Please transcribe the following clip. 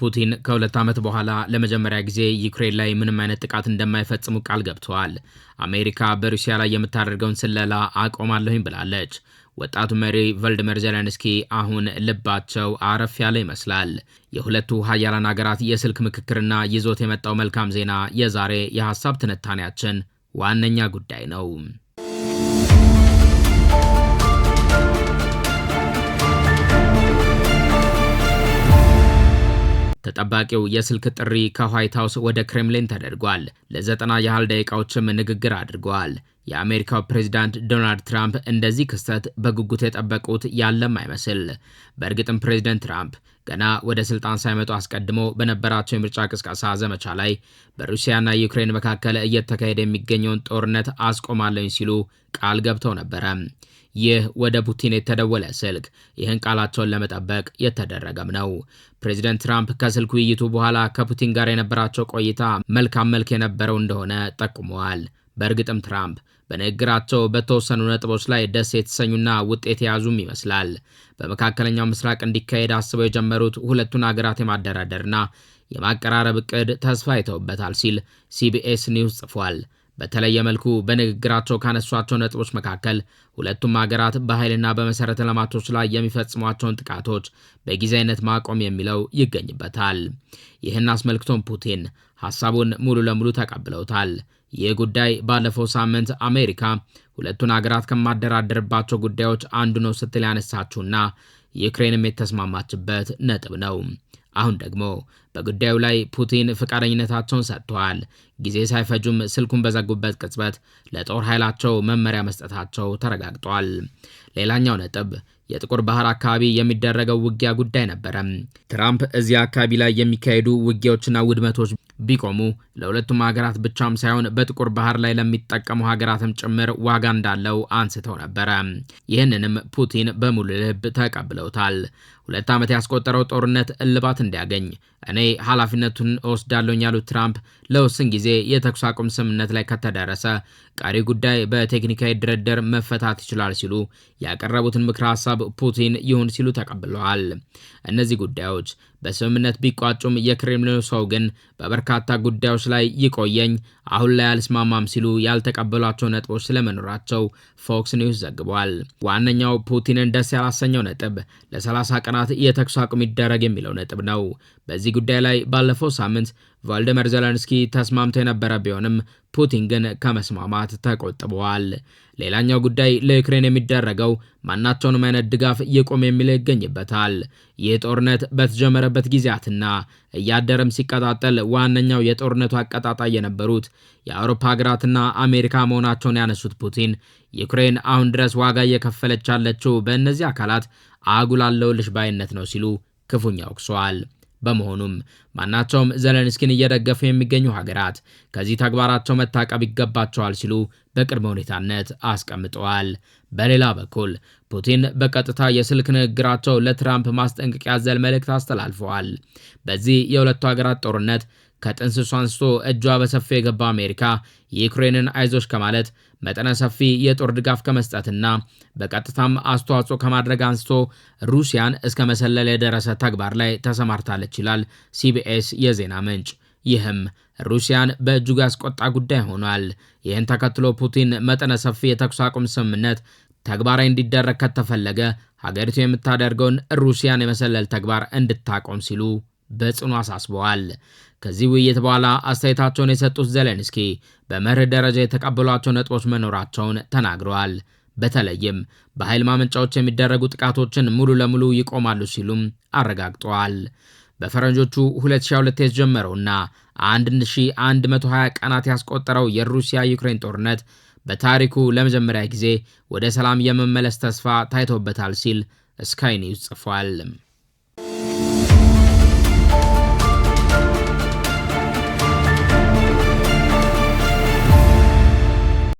ፑቲን ከሁለት ዓመት በኋላ ለመጀመሪያ ጊዜ ዩክሬን ላይ ምንም አይነት ጥቃት እንደማይፈጽሙ ቃል ገብተዋል። አሜሪካ በሩሲያ ላይ የምታደርገውን ስለላ አቆማለሁኝ ብላለች። ወጣቱ መሪ ቮልዲሚር ዜሌንስኪ አሁን ልባቸው አረፍ ያለ ይመስላል። የሁለቱ ሀያላን አገራት የስልክ ምክክርና ይዞት የመጣው መልካም ዜና የዛሬ የሐሳብ ትንታኔያችን ዋነኛ ጉዳይ ነው። ጠባቂው የስልክ ጥሪ ከዋይት ሀውስ ወደ ክሬምሊን ተደርጓል። ለዘጠና ያህል ደቂቃዎችም ንግግር አድርገዋል። የአሜሪካው ፕሬዚዳንት ዶናልድ ትራምፕ እንደዚህ ክስተት በጉጉት የጠበቁት ያለም አይመስል። በእርግጥም ፕሬዚደንት ትራምፕ ገና ወደ ስልጣን ሳይመጡ አስቀድሞ በነበራቸው የምርጫ ቅስቀሳ ዘመቻ ላይ በሩሲያና ዩክሬን መካከል እየተካሄደ የሚገኘውን ጦርነት አስቆማለኝ ሲሉ ቃል ገብተው ነበረ። ይህ ወደ ፑቲን የተደወለ ስልክ ይህን ቃላቸውን ለመጠበቅ የተደረገም ነው። ፕሬዚደንት ትራምፕ ከስልክ ውይይቱ በኋላ ከፑቲን ጋር የነበራቸው ቆይታ መልካም መልክ የነበረው እንደሆነ ጠቁመዋል። በእርግጥም ትራምፕ በንግግራቸው በተወሰኑ ነጥቦች ላይ ደስ የተሰኙና ውጤት የያዙም ይመስላል። በመካከለኛው ምስራቅ እንዲካሄድ አስበው የጀመሩት ሁለቱን አገራት የማደራደርና የማቀራረብ እቅድ ተስፋ አይተውበታል ሲል ሲቢኤስ ኒውስ ጽፏል። በተለየ መልኩ በንግግራቸው ካነሷቸው ነጥቦች መካከል ሁለቱም ሀገራት በኃይልና በመሠረተ ልማቶች ላይ የሚፈጽሟቸውን ጥቃቶች በጊዜያዊነት ማቆም የሚለው ይገኝበታል። ይህን አስመልክቶም ፑቲን ሐሳቡን ሙሉ ለሙሉ ተቀብለውታል። ይህ ጉዳይ ባለፈው ሳምንት አሜሪካ ሁለቱን አገራት ከማደራደርባቸው ጉዳዮች አንዱ ነው ስትል ያነሳችውና ዩክሬንም የተስማማችበት ነጥብ ነው። አሁን ደግሞ በጉዳዩ ላይ ፑቲን ፈቃደኝነታቸውን ሰጥተዋል። ጊዜ ሳይፈጁም ስልኩን በዘጉበት ቅጽበት ለጦር ኃይላቸው መመሪያ መስጠታቸው ተረጋግጧል። ሌላኛው ነጥብ የጥቁር ባህር አካባቢ የሚደረገው ውጊያ ጉዳይ ነበረ። ትራምፕ እዚያ አካባቢ ላይ የሚካሄዱ ውጊያዎችና ውድመቶች ቢቆሙ ለሁለቱም ሀገራት ብቻም ሳይሆን በጥቁር ባህር ላይ ለሚጠቀሙ ሀገራትም ጭምር ዋጋ እንዳለው አንስተው ነበረ። ይህንንም ፑቲን በሙሉ ልብ ተቀብለውታል። ሁለት ዓመት ያስቆጠረው ጦርነት እልባት እንዲያገኝ እኔ ኃላፊነቱን እወስዳለሁ ያሉት ትራምፕ ለውስን ጊዜ የተኩስ አቁም ስምምነት ላይ ከተደረሰ ቀሪ ጉዳይ በቴክኒካዊ ድርድር መፈታት ይችላል ሲሉ ያቀረቡትን ምክረ ሀሳብ ፑቲን ይሁን ሲሉ ተቀብለዋል። እነዚህ ጉዳዮች በስምምነት ቢቋጩም የክሬምሊኑ ሰው ግን በበርካታ ጉዳዮች ላይ ይቆየኝ፣ አሁን ላይ አልስማማም ሲሉ ያልተቀበሏቸው ነጥቦች ስለመኖራቸው ፎክስ ኒውስ ዘግቧል። ዋነኛው ፑቲንን ደስ ያላሰኘው ነጥብ ለ30 ቀናት የተኩስ አቁም ይደረግ የሚለው ነጥብ ነው። በዚህ ጉዳይ ላይ ባለፈው ሳምንት ቮልዲሚር ዜለንስኪ ተስማምቶ የነበረ ቢሆንም ፑቲን ግን ከመስማማት ተቆጥበዋል። ሌላኛው ጉዳይ ለዩክሬን የሚደረገው ማናቸውንም አይነት ድጋፍ ይቁም የሚለው ይገኝበታል። ይህ ጦርነት በተጀመረበት ጊዜያትና እያደረም ሲቀጣጠል ዋነኛው የጦርነቱ አቀጣጣይ የነበሩት የአውሮፓ ሀገራትና አሜሪካ መሆናቸውን ያነሱት ፑቲን ዩክሬን አሁን ድረስ ዋጋ እየከፈለች ያለችው በእነዚህ አካላት አጉላለሁልሽ ባይነት ነው ሲሉ ክፉኛ ወቅሰዋል። በመሆኑም ማናቸውም ዘለንስኪን እየደገፉ የሚገኙ ሀገራት ከዚህ ተግባራቸው መታቀብ ይገባቸዋል ሲሉ በቅድመ ሁኔታነት አስቀምጠዋል። በሌላ በኩል ፑቲን በቀጥታ የስልክ ንግግራቸው ለትራምፕ ማስጠንቀቂያ ዘል መልእክት አስተላልፈዋል። በዚህ የሁለቱ ሀገራት ጦርነት ከጥንስሱ አንስቶ እጇ በሰፊው የገባ አሜሪካ የዩክሬንን አይዞች ከማለት መጠነ ሰፊ የጦር ድጋፍ ከመስጠትና በቀጥታም አስተዋጽኦ ከማድረግ አንስቶ ሩሲያን እስከ መሰለል የደረሰ ተግባር ላይ ተሰማርታለች ይላል ሲቢኤስ የዜና ምንጭ። ይህም ሩሲያን በእጅጉ ያስቆጣ ጉዳይ ሆኗል። ይህን ተከትሎ ፑቲን መጠነ ሰፊ የተኩስ አቁም ስምምነት ተግባራዊ እንዲደረግ ከተፈለገ ሀገሪቱ የምታደርገውን ሩሲያን የመሰለል ተግባር እንድታቆም ሲሉ በጽኑ አሳስበዋል። ከዚህ ውይይት በኋላ አስተያየታቸውን የሰጡት ዜሌንስኪ በመርህ ደረጃ የተቀበሏቸው ነጥቦች መኖራቸውን ተናግረዋል። በተለይም በኃይል ማመንጫዎች የሚደረጉ ጥቃቶችን ሙሉ ለሙሉ ይቆማሉ ሲሉም አረጋግጠዋል። በፈረንጆቹ 2022 የተጀመረውና 1120 ቀናት ያስቆጠረው የሩሲያ ዩክሬን ጦርነት በታሪኩ ለመጀመሪያ ጊዜ ወደ ሰላም የመመለስ ተስፋ ታይቶበታል ሲል ስካይ ኒውስ ጽፏል።